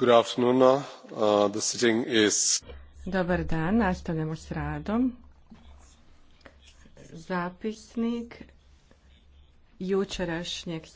Good afternoon. Uh, the sitting is... Dobar dan, nastavljamo s radom. Zapisnik jučerašnjeg